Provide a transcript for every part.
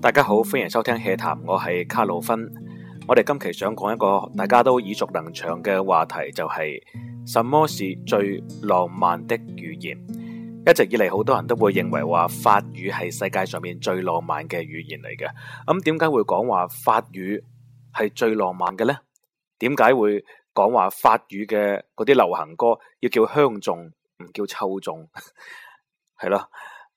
大家好，歡迎收聽《戲談》，我係卡魯芬。我哋今期想講一個大家都耳熟能詳嘅話題，就係、是、什麼是最浪漫的語言。一直以嚟，好多人都會認為，法是、嗯、為會話法語係世界上面最浪漫嘅語言嚟嘅。咁點解會講話法語係最浪漫嘅呢？點解會講話法語嘅嗰啲流行歌要叫香頌，唔叫臭頌？係咯。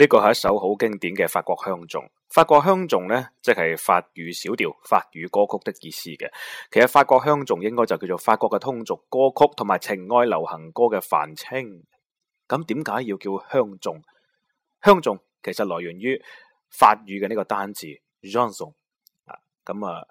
呢個係一首好經典嘅法國香頌。法國香頌咧，即係法語小調，法語歌曲的意思嘅。其實法國香頌應該就叫做法國嘅通俗歌曲同埋情愛流行歌嘅泛稱。咁點解要叫香頌？香頌其實來源於法語嘅呢個單字 chanson 啊，咁啊、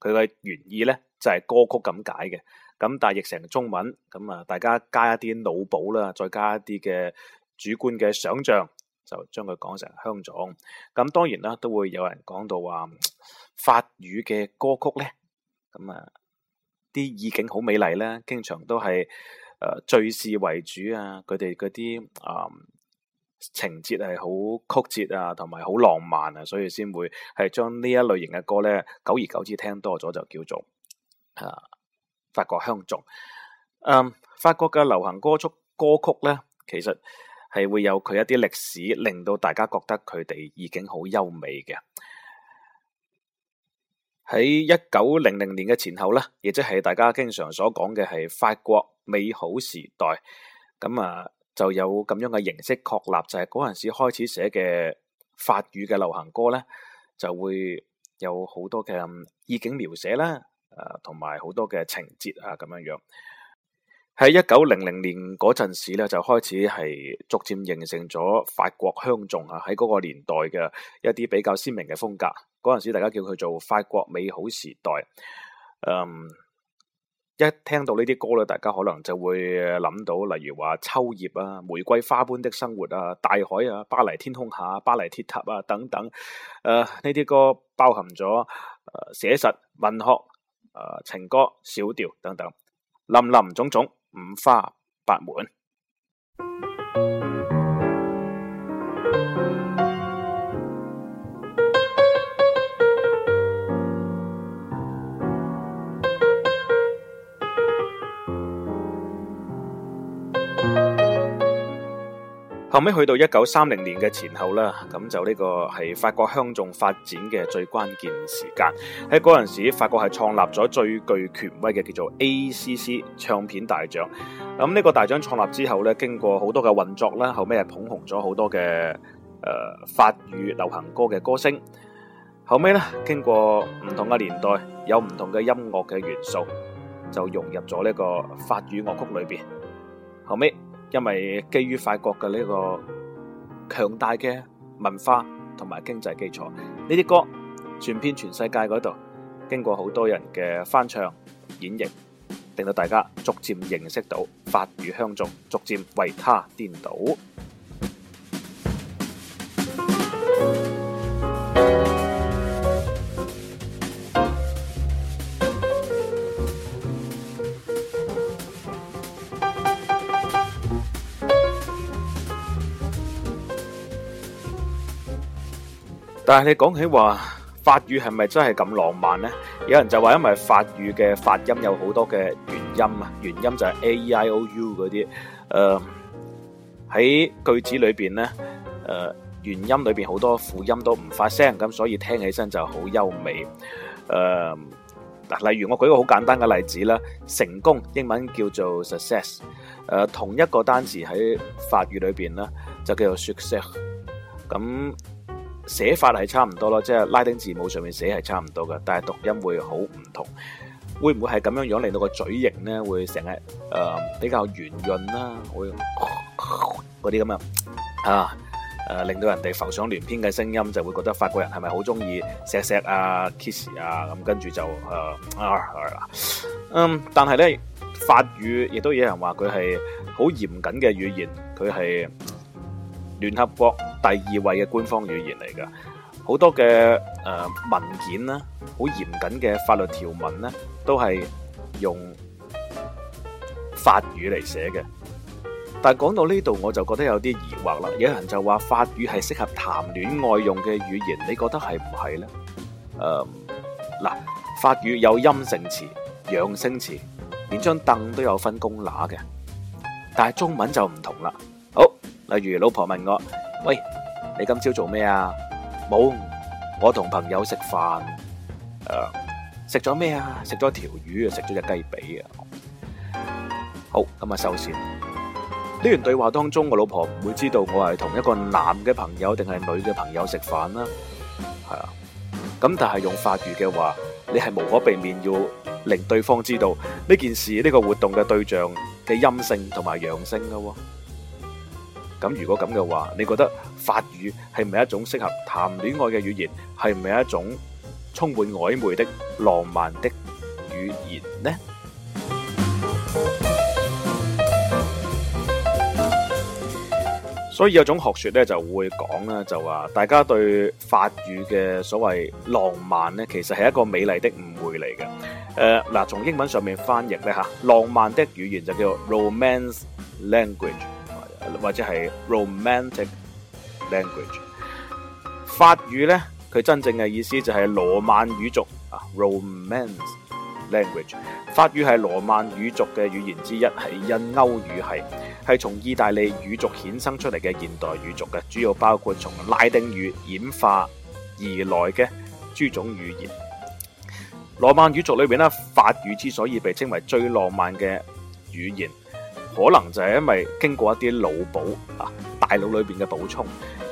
嗯，佢嘅原意咧就係、是、歌曲咁解嘅。咁但係譯成中文，咁啊，大家加一啲腦補啦，再加一啲嘅主觀嘅想象。就將佢講成香頌，咁當然啦，都會有人講到話法語嘅歌曲咧，咁啊啲意境好美麗咧，經常都係誒敍事為主啊，佢哋嗰啲啊情節係好曲折啊，同埋好浪漫啊，所以先會係將呢一類型嘅歌咧，久而久之聽多咗就叫做啊法國香頌。嗯、呃，法國嘅、呃、流行歌曲歌曲咧，其實。係會有佢一啲歷史，令到大家覺得佢哋已經好優美嘅。喺一九零零年嘅前後啦，亦即係大家經常所講嘅係法國美好時代。咁啊，就有咁樣嘅形式確立，就係嗰陣時開始寫嘅法語嘅流行歌咧，就會有好多嘅意境描寫啦，誒，同埋好多嘅情節啊，咁樣樣。喺一九零零年嗰陣時咧，就開始係逐漸形成咗法國香頌啊！喺嗰個年代嘅一啲比較鮮明嘅風格。嗰陣時大家叫佢做法國美好時代。嗯、um，一聽到呢啲歌咧，大家可能就會諗到，例如話秋葉啊、玫瑰花般的生活啊、大海啊、巴黎天空下、啊、巴黎鐵塔啊等等。誒，呢啲歌包含咗寫、呃、實文學、誒、呃、情歌、小調等等，林林總總。五花八門。後尾去到一九三零年嘅前後啦，咁就呢個係法國香頌發展嘅最關鍵時間。喺嗰陣時，法國係創立咗最具權威嘅叫做 ACC 唱片大獎。咁呢個大獎創立之後咧，經過好多嘅運作呢，後尾係捧紅咗好多嘅誒、呃、法語流行歌嘅歌星。後尾咧，經過唔同嘅年代，有唔同嘅音樂嘅元素，就融入咗呢個法語樂曲裏邊。後尾。因為基於法國嘅呢個強大嘅文化同埋經濟基礎，呢啲歌傳遍全世界嗰度，經過好多人嘅翻唱演繹，令到大家逐漸認識到法語香頌，逐漸為他顛倒。但係你講起話，法語係咪真係咁浪漫呢？有人就話因為法語嘅發音有好多嘅元音啊，元音就係 a e i o u 嗰啲，誒、呃、喺句子裏邊呢，誒、呃、元音裏邊好多輔音都唔發聲，咁所以聽起身就好優美。誒、呃、嗱，例如我舉個好簡單嘅例子啦，成功英文叫做 success，誒、呃、同一個單詞喺法語裏邊呢，就叫做 succès，咁、嗯。寫法係差唔多咯，即係拉丁字母上面寫係差唔多嘅，但係讀音會好唔同。會唔會係咁樣樣令到個嘴型咧會成日誒比較圓潤啦，會嗰啲咁啊啊誒、呃，令到人哋浮想聯翩嘅聲音就會覺得法國人係咪好中意錫錫啊、kiss 啊咁，跟住就誒、呃、啊啦、啊啊啊、嗯，但係咧法語亦都有人話佢係好嚴謹嘅語言，佢係。聯合國第二位嘅官方語言嚟㗎，好多嘅誒、呃、文件啦，好嚴謹嘅法律條文呢，都係用法語嚟寫嘅。但係講到呢度，我就覺得有啲疑惑啦。有人就話法語係適合談戀愛用嘅語言，你覺得係唔係呢？誒、呃，嗱，法語有陰性詞、陽性詞，連張凳都有分公乸嘅。但係中文就唔同啦。好。例如老婆問我，喂，你今朝做咩啊？冇，我同朋友食飯，誒、呃，食咗咩啊？食咗條魚，食咗隻雞髀啊！好，咁啊收線。呢段對話當中，我老婆唔會知道我係同一個男嘅朋友定係女嘅朋友食飯啦。係、呃、啊，咁但係用法語嘅話，你係無可避免要令對方知道呢件事、呢、呢個活動嘅對象嘅陰性同埋陽性㗎喎、哦。咁如果咁嘅話，你覺得法語係唔係一種適合談戀愛嘅語言？係唔係一種充滿曖昧的浪漫的語言呢？所以有種學說咧，就會講啦，就話大家對法語嘅所謂浪漫呢，其實係一個美麗的誤會嚟嘅。誒，嗱，從英文上面翻譯咧吓，浪漫的語言就叫 Romance Language。或者係 Romantic language，法語呢，佢真正嘅意思就係羅曼語族啊，Romance language。法語係羅曼語族嘅語言之一，係印歐語系，係從意大利語族衍生出嚟嘅現代語族嘅，主要包括從拉丁語演化而來嘅諸種語言。羅曼語族裏面咧，法語之所以被稱為最浪漫嘅語言。可能就係因為經過一啲腦補啊，大腦裏邊嘅補充，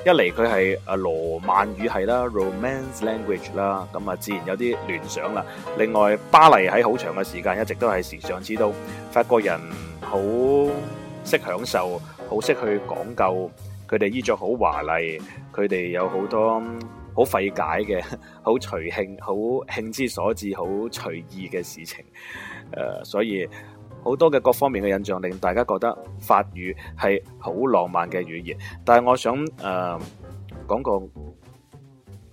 一嚟佢係啊羅曼語系啦 （Romance language） 啦，咁啊自然有啲聯想啦。另外巴黎喺好長嘅時間一直都係時尚之都，法國人好識享受，好識去講究，佢哋衣着好華麗，佢哋有好多好費解嘅，好隨興，好興之所至，好隨意嘅事情。誒，uh，所以。好多嘅各方面嘅印象令大家覺得法語係好浪漫嘅語言，但係我想誒、呃、講個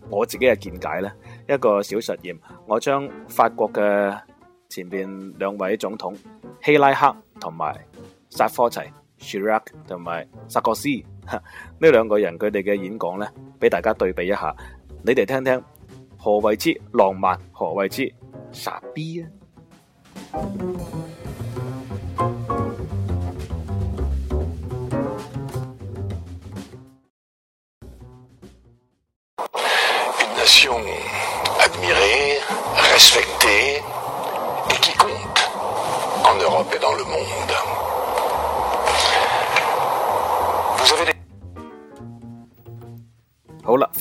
我自己嘅見解咧，一個小實驗，我將法國嘅前邊兩位總統希拉克同埋薩科齊，希拉克同埋薩科斯呢兩個人佢哋嘅演講咧，俾大家對比一下，你哋聽聽何謂之浪漫，何謂之傻逼啊！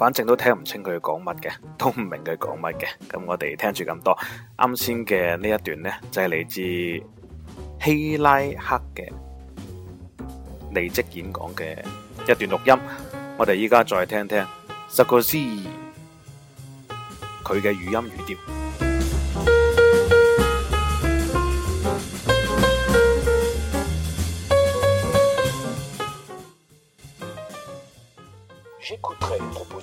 反正都聽唔清佢講乜嘅，都唔明佢講乜嘅。咁我哋聽住咁多啱先嘅呢一段呢，就係嚟自希拉克嘅離職演講嘅一段錄音。我哋依家再聽聽薩科齊，佢嘅語音語調。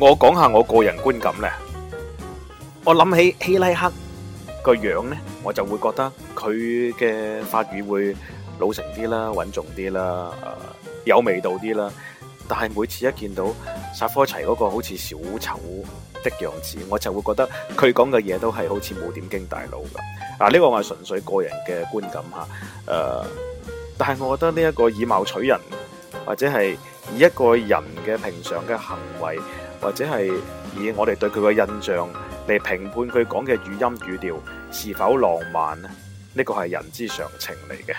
我講下我個人觀感咧，我諗起希拉克個樣呢，我就會覺得佢嘅法語會老成啲啦、穩重啲啦、呃、有味道啲啦。但係每次一見到薩科齊嗰個好似小丑的樣子，我就會覺得佢講嘅嘢都係好似冇點經大腦㗎。嗱、啊、呢、這個我係純粹個人嘅觀感吓。誒、啊,但係我覺得呢一個以貌取人，或者係以一個人嘅平常嘅行為。或者係以我哋對佢嘅印象嚟評判佢講嘅語音語調是否浪漫。呢個係人之常情嚟嘅。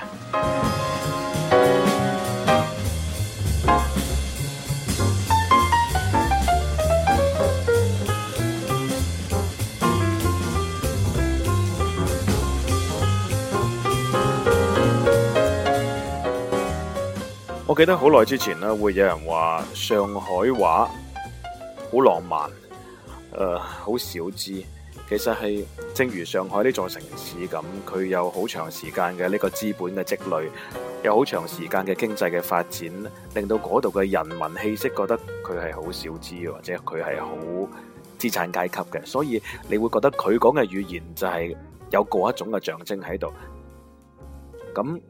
我記得好耐之前咧，會有人話上海話。好浪漫，誒、呃、好少知，其實係正如上海呢座城市咁，佢有好長時間嘅呢個資本嘅積累，有好長時間嘅經濟嘅發展，令到嗰度嘅人民氣息覺得佢係好少知，或者佢係好資產階級嘅，所以你會覺得佢講嘅語言就係有嗰一種嘅象徵喺度。咁，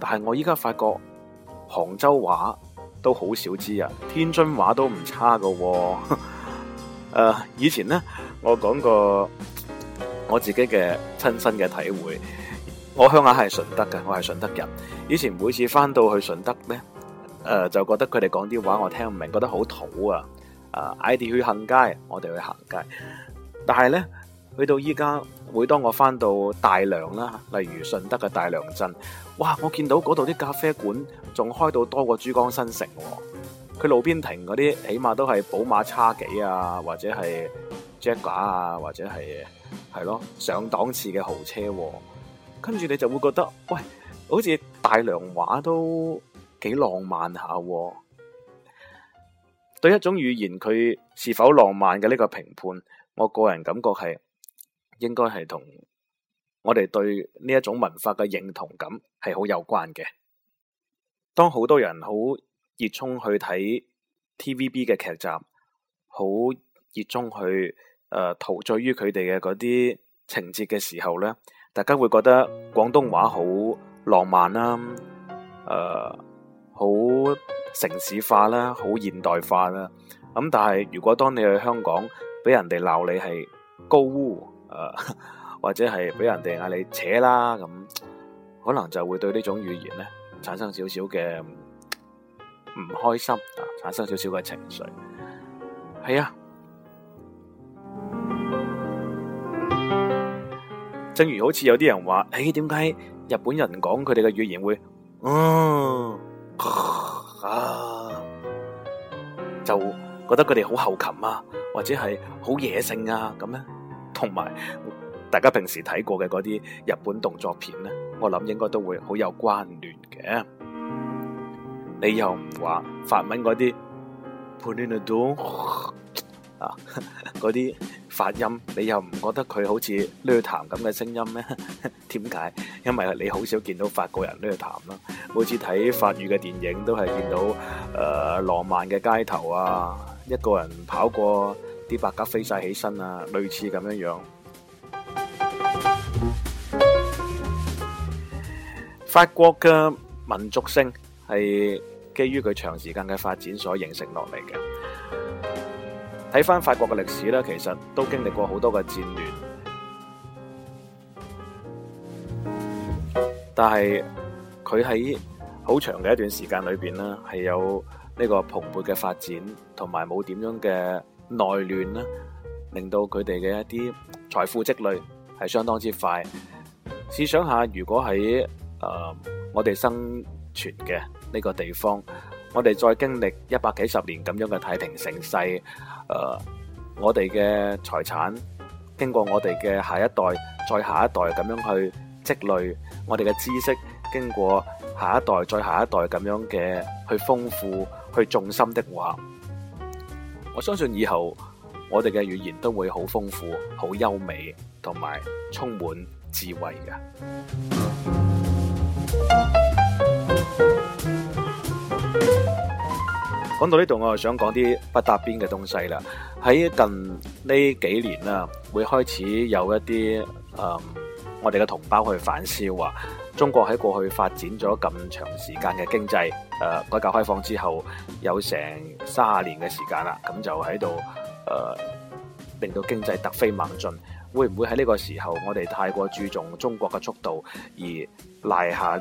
但係我依家發覺杭州話。都好少知啊！天津話都唔差噶，哦，誒、 呃，以前呢，我講過我自己嘅親身嘅體會，我鄉下係順德嘅，我係順德人。以前每次翻到去順德呢，誒、呃，就覺得佢哋講啲話我聽唔明，覺得好土啊！啊，嗌啲去行街，我哋去行街，但係呢，去到依家，每當我翻到大良啦，例如順德嘅大良鎮。哇！我見到嗰度啲咖啡館仲開到多過珠江新城喎、哦，佢路邊停嗰啲起碼都係寶馬叉幾啊，或者係 Jaguar 啊，或者係係咯上檔次嘅豪車喎，跟住你就會覺得，喂，好似大良話都幾浪漫下喎。對一種語言佢是否浪漫嘅呢個評判，我個人感覺係應該係同。我哋對呢一種文化嘅認同感係好有關嘅。當好多人好熱衷去睇 TVB 嘅劇集，好熱衷去誒、呃、陶醉於佢哋嘅嗰啲情節嘅時候呢，大家會覺得廣東話好浪漫啦、啊，誒、呃、好城市化啦、啊，好現代化啦、啊。咁但係如果當你去香港，俾人哋鬧你係高污誒。呃或者係俾人哋嗌你扯啦咁，可能就會對呢種語言咧產生少少嘅唔開心啊，產生少少嘅情緒。係啊，正如好似有啲人話，誒、欸，點解日本人講佢哋嘅語言會，嗯啊，啊，就覺得佢哋好喉擒啊，或者係好野性啊咁咧，同埋。大家平時睇過嘅嗰啲日本動作片咧，我諗應該都會好有關聯嘅。你又唔話法文嗰啲，啊嗰啲發音，你又唔覺得佢好似呢譚咁嘅聲音咩？點解？因為你好少見到法國人呢譚啦，每次睇法語嘅電影都係見到誒、呃、浪漫嘅街頭啊，一個人跑過啲白鴿飛晒起身啊，類似咁樣樣。法國嘅民族性係基於佢長時間嘅發展所形成落嚟嘅。睇翻法國嘅歷史咧，其實都經歷過好多嘅戰亂，但係佢喺好長嘅一段時間裏邊呢係有呢個蓬勃嘅發展，同埋冇點樣嘅內亂啦，令到佢哋嘅一啲財富積累係相當之快。試想下，如果喺誒，uh, 我哋生存嘅呢個地方，我哋再經歷一百幾十年咁樣嘅太平盛世，誒、uh，我哋嘅財產經過我哋嘅下一代、再下一代咁樣去積累，我哋嘅知識經過下一代、再下一代咁樣嘅去豐富、去重心的話，我相信以後我哋嘅語言都會好豐富、好優美同埋充滿智慧嘅。講到呢度，我就想講啲不搭邊嘅東西啦。喺近呢幾年啦，會開始有一啲誒、呃，我哋嘅同胞去反思話，說中國喺過去發展咗咁長時間嘅經濟，誒、呃，改革開放之後有成卅年嘅時間啦，咁就喺度誒，令到經濟突飛猛進。會唔會喺呢個時候，我哋太過注重中國嘅速度而賴下了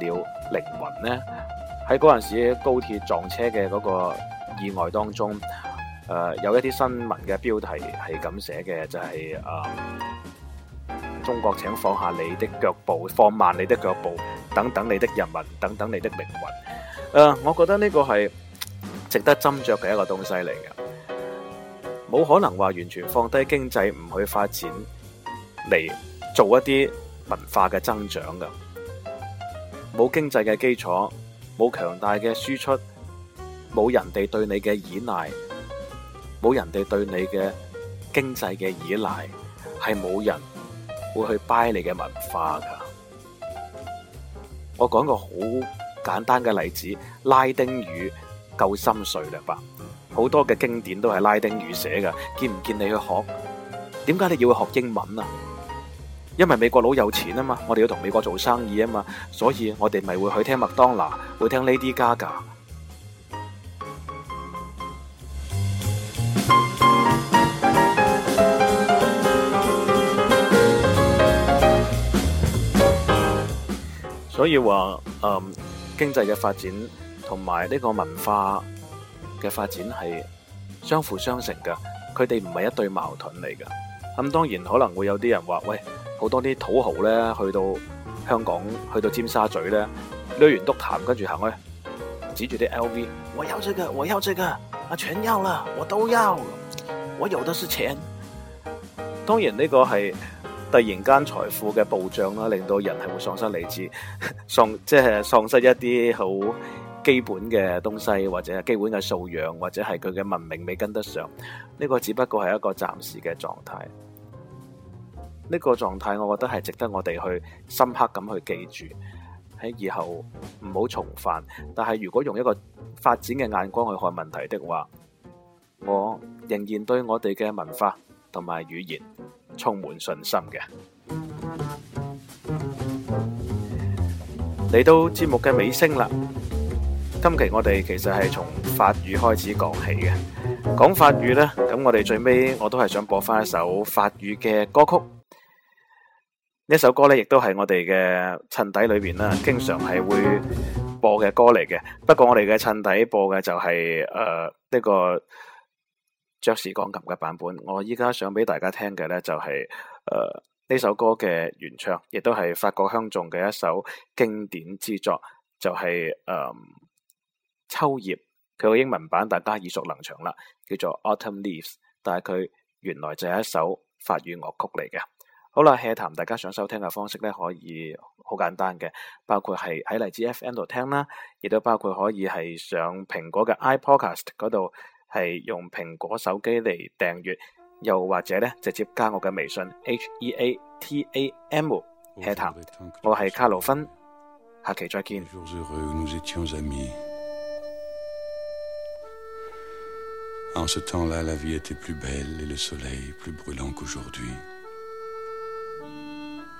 靈魂呢，喺嗰陣時高鐵撞車嘅嗰個意外當中，誒、呃，有一啲新聞嘅標題係咁寫嘅，就係、是、誒、呃，中國請放下你的腳步，放慢你的腳步，等等你的人民，等等你的靈魂。誒、呃，我覺得呢個係值得斟酌嘅一個東西嚟嘅，冇可能話完全放低經濟唔去發展嚟做一啲文化嘅增長噶。冇經濟嘅基礎，冇強大嘅輸出，冇人哋對你嘅依賴，冇人哋對你嘅經濟嘅依賴，係冇人會去買你嘅文化㗎。我講個好簡單嘅例子，拉丁語夠深邃啦吧？好多嘅經典都係拉丁語寫㗎，見唔見你去學？點解你要去學英文啊？因為美國佬有錢啊嘛，我哋要同美國做生意啊嘛，所以我哋咪會去聽麥當娜，會聽 Lady Gaga。所以話誒、嗯、經濟嘅發展同埋呢個文化嘅發展係相輔相成嘅，佢哋唔係一對矛盾嚟嘅。咁、嗯、當然可能會有啲人話：喂！好多啲土豪咧，去到香港，去到尖沙咀咧，攞完督潭跟住行咧，指住啲 LV，我要這個，我要這個，啊，全要啦，我都要，我有的是錢。當然呢個係突然間財富嘅暴漲啦，令到人係會喪失理智，喪即係、就是、喪失一啲好基本嘅東西，或者係基本嘅素養，或者係佢嘅文明未跟得上。呢、這個只不過係一個暫時嘅狀態。呢個狀態，我覺得係值得我哋去深刻咁去記住，喺以後唔好重犯。但係如果用一個發展嘅眼光去看問題的話，我仍然對我哋嘅文化同埋語言充滿信心嘅。嚟到節目嘅尾聲啦，今期我哋其實係從法語開始講起嘅，講法語呢，咁我哋最尾我都係想播翻一首法語嘅歌曲。呢首歌咧，亦都係我哋嘅襯底裏邊啦，經常係會播嘅歌嚟嘅。不過我哋嘅襯底播嘅就係誒呢個爵士鋼琴嘅版本。我依家想俾大家聽嘅咧，就是，就係誒呢首歌嘅原唱，亦都係法國香頌嘅一首經典之作，就係、是、誒、呃、秋葉。佢個英文版大家耳熟能詳啦，叫做 Autumn Leaves，但係佢原來就係一首法語樂曲嚟嘅。好啦 hea 談，大家想收聽嘅方式咧，可以好簡單嘅，包括係喺荔枝 F.M. 度聽啦，亦都包括可以係上蘋果嘅 iPodcast 嗰度，係用蘋果手機嚟訂閱，又或者咧直接加我嘅微信 h-e-a-t-a-m，hea 談，我係卡羅芬，下期再見。